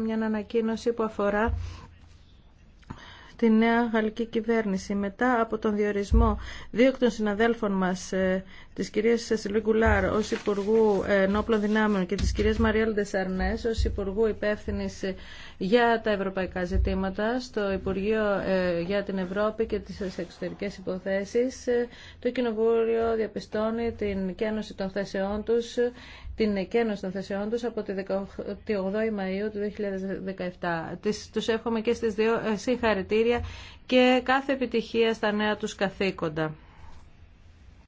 μια ανακοίνωση που αφορά τη νέα γαλλική κυβέρνηση. Μετά από τον διορισμό δύο εκ των συναδέλφων μας, ε, τη κυρία Σεσιλού Γκουλάρ ω Υπουργού ε, Ενόπλων Δυνάμεων και τη κυρία Μαριέλ Ντεσαρνέ ω Υπουργού υπεύθυνη ε, για τα ευρωπαϊκά ζητήματα στο Υπουργείο για την Ευρώπη και τις εξωτερικές υποθέσεις, το Κοινοβούλιο διαπιστώνει την κένωση των θέσεών του, την εκένωση των θέσεών τους από τη 18η Μαΐου του 2017. Τους εύχομαι και στις δύο συγχαρητήρια και κάθε επιτυχία στα νέα τους καθήκοντα.